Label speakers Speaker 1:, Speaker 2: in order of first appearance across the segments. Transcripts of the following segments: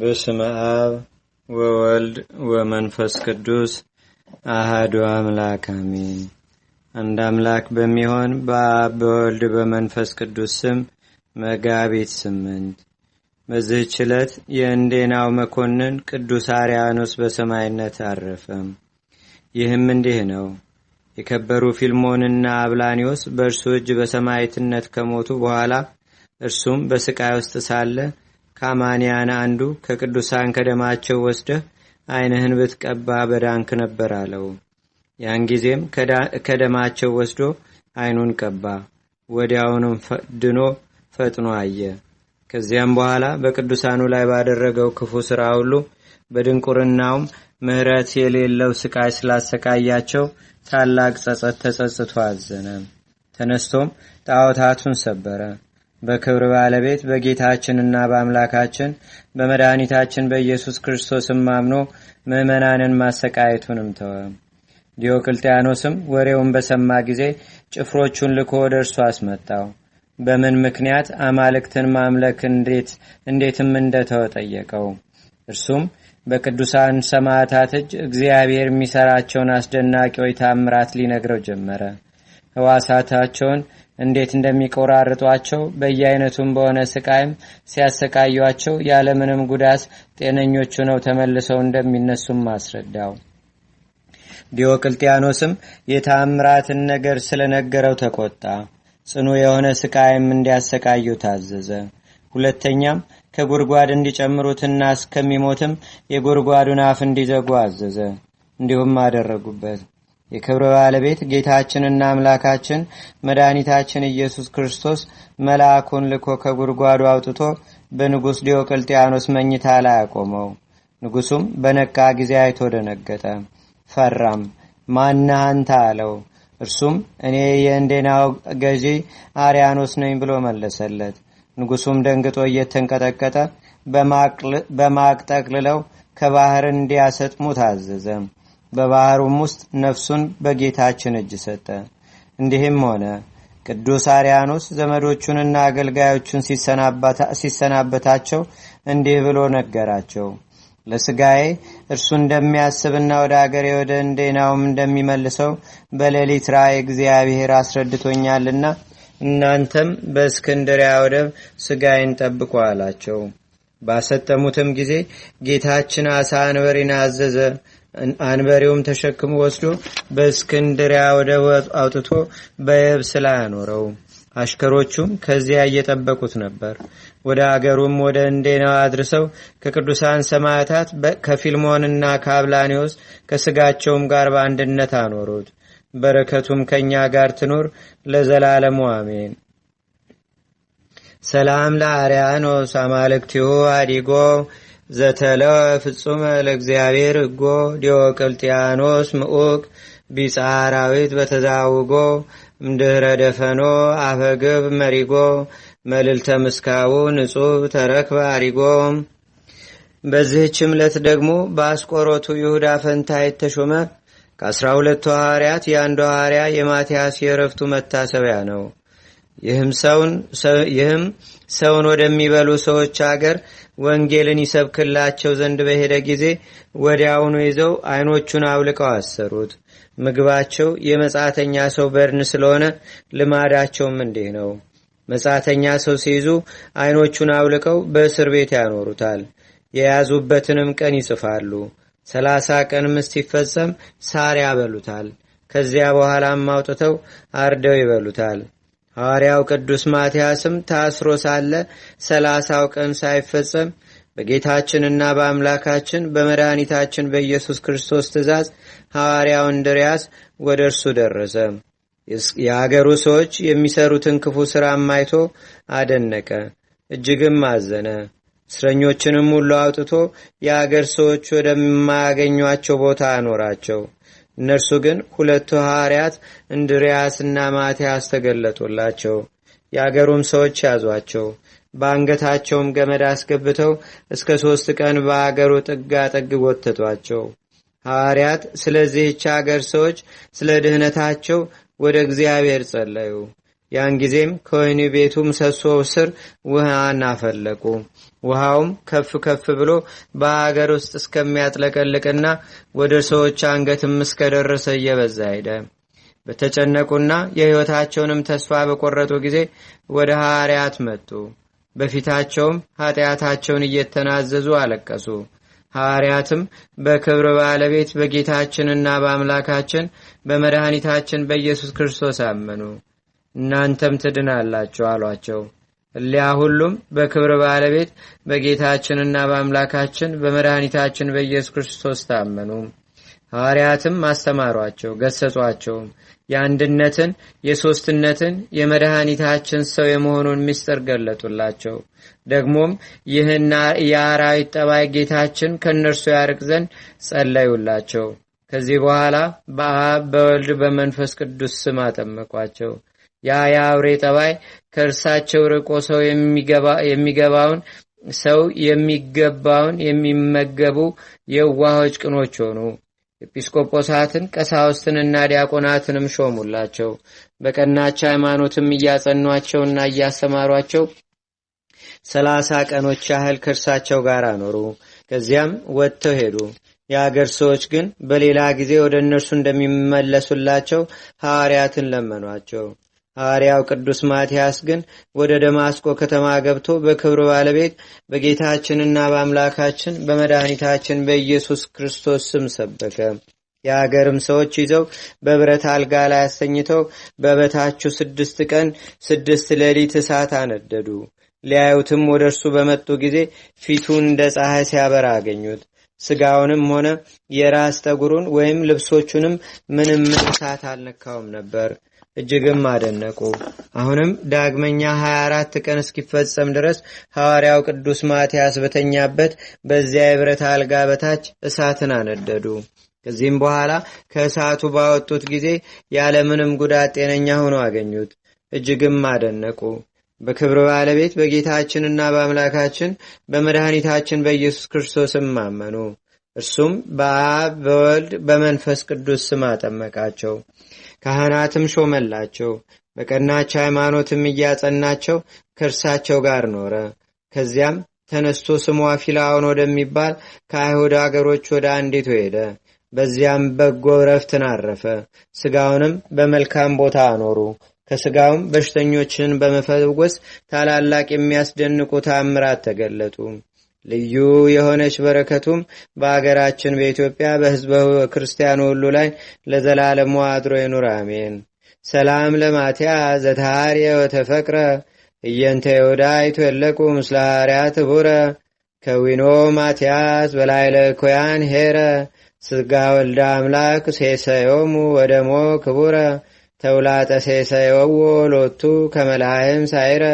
Speaker 1: በስመ አብ ወወልድ ወመንፈስ ቅዱስ አህዱ አምላክ አሜን። አንድ አምላክ በሚሆን በአብ በወልድ በመንፈስ ቅዱስ ስም መጋቢት ስምንት በዚህች ዕለት የእንዴናው መኮንን ቅዱስ አርያኖስ በሰማይነት አረፈም። ይህም እንዲህ ነው። የከበሩ ፊልሞንና አብላኒዎስ በእርሱ እጅ በሰማይትነት ከሞቱ በኋላ እርሱም በስቃይ ውስጥ ሳለ ከአማንያን አንዱ ከቅዱሳን ከደማቸው ወስደህ አይንህን ብትቀባ በዳንክ ነበር አለው። ያን ጊዜም ከደማቸው ወስዶ አይኑን ቀባ። ወዲያውንም ድኖ ፈጥኖ አየ። ከዚያም በኋላ በቅዱሳኑ ላይ ባደረገው ክፉ ሥራ ሁሉ በድንቁርናውም ምህረት የሌለው ስቃይ ስላሰቃያቸው ታላቅ ጸጸት ተጸጽቶ አዘነ። ተነስቶም ጣዖታቱን ሰበረ። በክብር ባለቤት በጌታችንና በአምላካችን በመድኃኒታችን በኢየሱስ ክርስቶስም አምኖ ምዕመናንን ማሰቃየቱንም ተወ። ዲዮቅልጥያኖስም ወሬውን በሰማ ጊዜ ጭፍሮቹን ልኮ ወደ እርሱ አስመጣው። በምን ምክንያት አማልክትን ማምለክ እንዴትም እንደተወ ጠየቀው። እርሱም በቅዱሳን ሰማዕታት እጅ እግዚአብሔር የሚሰራቸውን አስደናቂዎች ታምራት ሊነግረው ጀመረ። ህዋሳታቸውን እንዴት እንደሚቆራርጧቸው በየአይነቱም በሆነ ስቃይም ሲያሰቃዩቸው ያለምንም ጉዳት ጤነኞቹ ነው ተመልሰው እንደሚነሱም አስረዳው። ዲዮቅልጥያኖስም የታምራትን ነገር ስለነገረው ተቆጣ። ጽኑ የሆነ ስቃይም እንዲያሰቃዩ ታዘዘ። ሁለተኛም ከጉድጓድ እንዲጨምሩትና እስከሚሞትም የጉድጓዱን አፍ እንዲዘጉ አዘዘ። እንዲሁም አደረጉበት። የክብር ባለቤት ጌታችንና አምላካችን መድኃኒታችን ኢየሱስ ክርስቶስ መልአኩን ልኮ ከጉድጓዱ አውጥቶ በንጉሥ ዲዮቅልጥያኖስ መኝታ ላይ አቆመው። ንጉሡም በነቃ ጊዜ አይቶ ደነገጠ፣ ፈራም። ማነህ አንተ አለው። እርሱም እኔ የእንዴናው ገዢ አርያኖስ ነኝ ብሎ መለሰለት። ንጉሡም ደንግጦ እየተንቀጠቀጠ በማቅ ጠቅልለው ከባህር እንዲያሰጥሙ ታዘዘም። በባህሩም ውስጥ ነፍሱን በጌታችን እጅ ሰጠ። እንዲህም ሆነ ቅዱስ አርያኖስ ዘመዶቹንና አገልጋዮቹን ሲሰናበታቸው እንዲህ ብሎ ነገራቸው። ለስጋዬ እርሱ እንደሚያስብና ወደ አገሬ ወደ እንዴናውም እንደሚመልሰው በሌሊት ራእይ እግዚአብሔር አስረድቶኛልና እናንተም በእስክንድሪያ ወደብ ስጋዬን ጠብቁ አላቸው። ባሰጠሙትም ጊዜ ጌታችን አሳ አንበሪን አዘዘ። አንበሬውም ተሸክሞ ወስዶ በእስክንድሪያ ወደ አውጥቶ በየብስ ላይ አኖረው። አሽከሮቹም ከዚያ እየጠበቁት ነበር። ወደ አገሩም ወደ እንዴና አድርሰው ከቅዱሳን ሰማዕታት ከፊልሞንና ከአብላኔዎስ ከስጋቸውም ጋር በአንድነት አኖሩት። በረከቱም ከእኛ ጋር ትኑር ለዘላለሙ አሜን። ሰላም ለአርያኖስ አማልክቲሁ አዲጎ ዘተለወ ፍጹመ ለእግዚአብሔር እጎ ዲዮቅልጥያኖስ ምዑቅ ቢጻራዊት በተዛውጎ እምድህረ ደፈኖ አፈግብ መሪጎ መልልተ ምስካቡ ንጹብ ተረክበ አሪጎ በዚህች ዕለት ደግሞ በአስቆሮቱ ይሁዳ ፈንታ የተሾመ ከአስራ ሁለቱ ሐዋርያት የአንዱ ሐዋርያ የማትያስ የረፍቱ መታሰቢያ ነው። ይህም ሰውን ወደሚበሉ ሰዎች አገር ወንጌልን ይሰብክላቸው ዘንድ በሄደ ጊዜ ወዲያውኑ ይዘው አይኖቹን አውልቀው አሰሩት። ምግባቸው የመጻተኛ ሰው በድን ስለሆነ ልማዳቸውም እንዲህ ነው። መጻተኛ ሰው ሲይዙ አይኖቹን አውልቀው በእስር ቤት ያኖሩታል። የያዙበትንም ቀን ይጽፋሉ። ሰላሳ ቀንም እስኪፈጸም ሳር ያበሉታል። ከዚያ በኋላም አውጥተው አርደው ይበሉታል። ሐዋርያው ቅዱስ ማትያስም ታስሮ ሳለ ሰላሳው ቀን ሳይፈጸም በጌታችንና በአምላካችን በመድኃኒታችን በኢየሱስ ክርስቶስ ትእዛዝ ሐዋርያው እንድርያስ ወደ እርሱ ደረሰ። የአገሩ ሰዎች የሚሰሩትን ክፉ ሥራ አይቶ አደነቀ፣ እጅግም አዘነ። እስረኞችንም ሁሉ አውጥቶ የአገር ሰዎች ወደማያገኟቸው ቦታ አኖራቸው። እነርሱ ግን ሁለቱ ሐዋርያት እንድርያስና ማትያስ ተገለጡላቸው። የአገሩም ሰዎች ያዟቸው። በአንገታቸውም ገመድ አስገብተው እስከ ሦስት ቀን በአገሩ ጥጋ ጥግ ጎተቷቸው። ሐዋርያት ስለዚህች አገር ሰዎች ስለ ድህነታቸው ወደ እግዚአብሔር ጸለዩ። ያን ጊዜም ከወይኒ ቤቱ ምሰሶ ስር ውሃን አፈለቁ። ውሃውም ከፍ ከፍ ብሎ በሀገር ውስጥ እስከሚያጥለቀልቅና ወደ ሰዎች አንገትም እስከደረሰ እየበዛ ሄደ። በተጨነቁና የሕይወታቸውንም ተስፋ በቆረጡ ጊዜ ወደ ሐዋርያት መጡ። በፊታቸውም ኃጢአታቸውን እየተናዘዙ አለቀሱ። ሐዋርያትም በክብር ባለቤት በጌታችንና በአምላካችን በመድኃኒታችን በኢየሱስ ክርስቶስ አመኑ። እናንተም ትድናላችሁ አሏቸው። እሊያ ሁሉም በክብር ባለቤት በጌታችንና በአምላካችን በመድኃኒታችን በኢየሱስ ክርስቶስ ታመኑ። ሐዋርያትም አስተማሯቸው፣ ገሰጿቸውም የአንድነትን የሦስትነትን የመድኃኒታችን ሰው የመሆኑን ምስጢር ገለጡላቸው። ደግሞም ይህን የአራዊት ጠባይ ጌታችን ከእነርሱ ያርቅ ዘንድ ጸለዩላቸው። ከዚህ በኋላ በአብ በወልድ በመንፈስ ቅዱስ ስም አጠመቋቸው። ያ የአውሬ ጠባይ ከእርሳቸው ርቆ ሰው የሚገባውን ሰው የሚገባውን የሚመገቡ የዋሆች ቅኖች ሆኑ። ኤጲስቆጶሳትን ቀሳውስትንና ዲያቆናትንም ሾሙላቸው። በቀናች ሃይማኖትም እያጸኗቸውና እያስተማሯቸው ሰላሳ ቀኖች ያህል ከእርሳቸው ጋር አኖሩ። ከዚያም ወጥተው ሄዱ። የአገር ሰዎች ግን በሌላ ጊዜ ወደ እነርሱ እንደሚመለሱላቸው ሐዋርያትን ለመኗቸው። ሐዋርያው ቅዱስ ማቲያስ ግን ወደ ደማስቆ ከተማ ገብቶ በክብር ባለቤት በጌታችንና በአምላካችን በመድኃኒታችን በኢየሱስ ክርስቶስ ስም ሰበከ። የአገርም ሰዎች ይዘው በብረት አልጋ ላይ አሰኝተው በበታችሁ ስድስት ቀን ስድስት ሌሊት እሳት አነደዱ። ሊያዩትም ወደ እርሱ በመጡ ጊዜ ፊቱን እንደ ፀሐይ ሲያበራ አገኙት። ስጋውንም ሆነ የራስ ጠጉሩን ወይም ልብሶቹንም ምንም ምን እሳት አልነካውም ነበር። እጅግም አደነቁ። አሁንም ዳግመኛ 24 ቀን እስኪፈጸም ድረስ ሐዋርያው ቅዱስ ማትያስ በተኛበት በዚያ የብረት አልጋ በታች እሳትን አነደዱ። ከዚህም በኋላ ከእሳቱ ባወጡት ጊዜ ያለምንም ጉዳት ጤነኛ ሆኖ አገኙት። እጅግም አደነቁ። በክብር ባለቤት በጌታችንና በአምላካችን በመድኃኒታችን በኢየሱስ ክርስቶስም አመኑ። እርሱም በአብ በወልድ በመንፈስ ቅዱስ ስም አጠመቃቸው። ካህናትም ሾመላቸው። በቀናች ሃይማኖትም እያጸናቸው ከእርሳቸው ጋር ኖረ። ከዚያም ተነስቶ ስሟ ፊላውን ወደሚባል ከአይሁድ አገሮች ወደ አንዲቱ ሄደ። በዚያም በጎ ረፍትን አረፈ። ሥጋውንም በመልካም ቦታ አኖሩ። ከስጋውም በሽተኞችን በመፈወስ ታላላቅ የሚያስደንቁ ታምራት ተገለጡ። ልዩ የሆነች በረከቱም በአገራችን በኢትዮጵያ በሕዝበ ክርስቲያኑ ሁሉ ላይ ለዘላለሙ አድሮ ይኑር፣ አሜን። ሰላም ለማትያ ዘተሃርየ ወተፈቅረ እየንተ ይሁዳ ይትወለቁ ምስለ ሐርያ ትቡረ ከዊኖ ማትያስ በላይ ለኮያን ሄረ ስጋ ወልደ አምላክ ሴሰዮሙ ወደሞ ክቡረ ተውላጠ የወዎ ሎቱ ከመላህም ሳይረ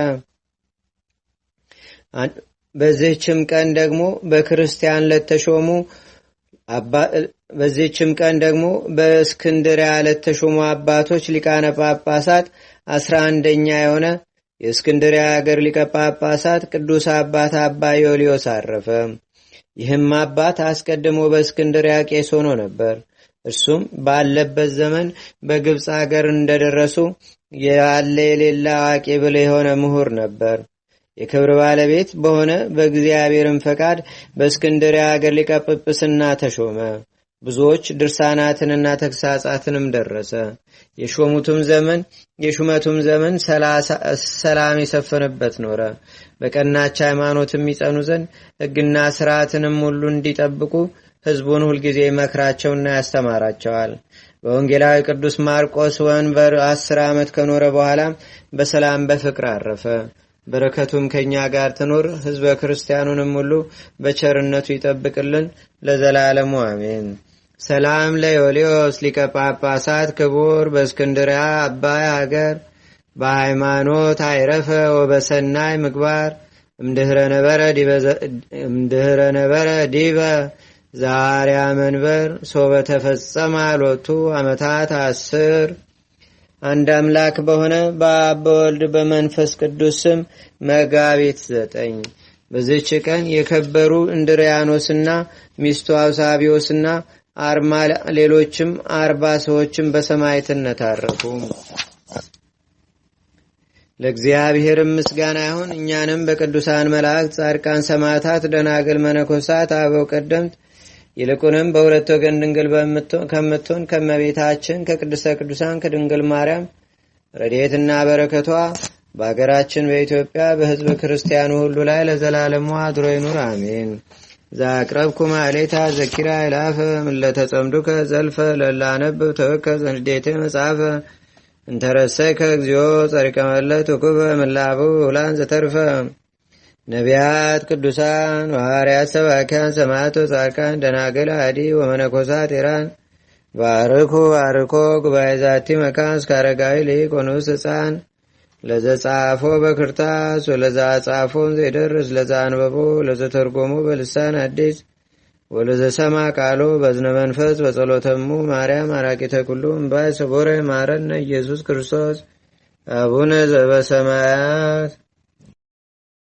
Speaker 1: በዚህችም ቀን ደግሞ በክርስቲያን ለተሾሙ በዚህችም ቀን ደግሞ በእስክንድሪያ ለተሾሙ አባቶች ሊቃነ ጳጳሳት አስራ አንደኛ የሆነ የእስክንድሪያ አገር ሊቀ ጳጳሳት ቅዱስ አባት አባ ዮልዮስ አረፈ። ይህም አባት አስቀድሞ በእስክንድሪያ ቄስ ሆኖ ነበር። እርሱም ባለበት ዘመን በግብፅ አገር እንደደረሱ ያለ የሌለ አዋቂ ብለ የሆነ ምሁር ነበር። የክብር ባለቤት በሆነ በእግዚአብሔርም ፈቃድ በእስክንድሪያ አገር ሊቀጵጵስና ተሾመ። ብዙዎች ድርሳናትንና ተግሳጻትንም ደረሰ። የሾሙቱም ዘመን የሹመቱም ዘመን ሰላም የሰፈነበት ኖረ። በቀናች ሃይማኖትም ይጸኑ ዘንድ ሕግና ስርዓትንም ሁሉ እንዲጠብቁ ሕዝቡን ሁልጊዜ ይመክራቸውና ያስተማራቸዋል። በወንጌላዊ ቅዱስ ማርቆስ ወንበር አስር ዓመት ከኖረ በኋላ በሰላም በፍቅር አረፈ። በረከቱም ከእኛ ጋር ትኑር፣ ሕዝበ ክርስቲያኑንም ሁሉ በቸርነቱ ይጠብቅልን ለዘላለሙ አሜን። ሰላም ለዮልዮስ ሊቀ ጳጳሳት ክቡር በእስክንድሪያ አባይ አገር በሃይማኖት አይረፈ ወበሰናይ ምግባር እምድህረ ነበረ ዲበ ዛሪያ መንበር ሰው በተፈጸመ አሎቱ ዓመታት አስር አንድ አምላክ በሆነ በአብ በወልድ በመንፈስ ቅዱስ ስም መጋቢት ዘጠኝ በዚች ቀን የከበሩ እንድሪያኖስና ሚስቱ አውሳቢዎስና አርማ ሌሎችም አርባ ሰዎችም በሰማይትነት አረፉ። ለእግዚአብሔር ምስጋና ይሁን። እኛንም በቅዱሳን መላእክት፣ ጻድቃን፣ ሰማታት ደናግል፣ መነኮሳት፣ አበው ቀደምት ይልቁንም በሁለት ወገን ድንግል ከምትሆን ከመቤታችን ከቅድስተ ቅዱሳን ከድንግል ማርያም ረድኤትና በረከቷ በአገራችን በኢትዮጵያ በህዝብ ክርስቲያኑ ሁሉ ላይ ለዘላለሙ አድሮ ይኑር፣ አሜን። ዛቅረብኩ ማሌታ ዘኪራ ይላፈ ምለተጸምዱከ ዘልፈ ለላነብብ ተወከ ዘንዴቴ መጽሐፈ እንተረሰይከ እግዚኦ ጸሪቀመለት ውኩበ ምላቡ ውላን ዘተርፈ ነቢያት፣ ቅዱሳን፣ ሐዋርያት፣ ሰባኪያን፣ ሰማዕታት፣ ጻድቃን፣ ደናግል፣ አዲ ወመነኮሳት ኢራን ባርኩ ባርኮ ጉባኤ ዛቲ መካን እስከ አረጋዊ ሊቅ ወንኡስ ህፃን ለዘጻፎ በክርታስ ወለዛ ዘይደርስ ለዛ አንበቦ ለዘተርጎሞ በልሳን አዲስ ወለዘሰማ ቃሎ በዝነ መንፈስ በጸሎተሙ ማርያም አራቂተ ኩሉ እምባይ ሰቦረ ማረነ ኢየሱስ ክርስቶስ አቡነ ዘበሰማያት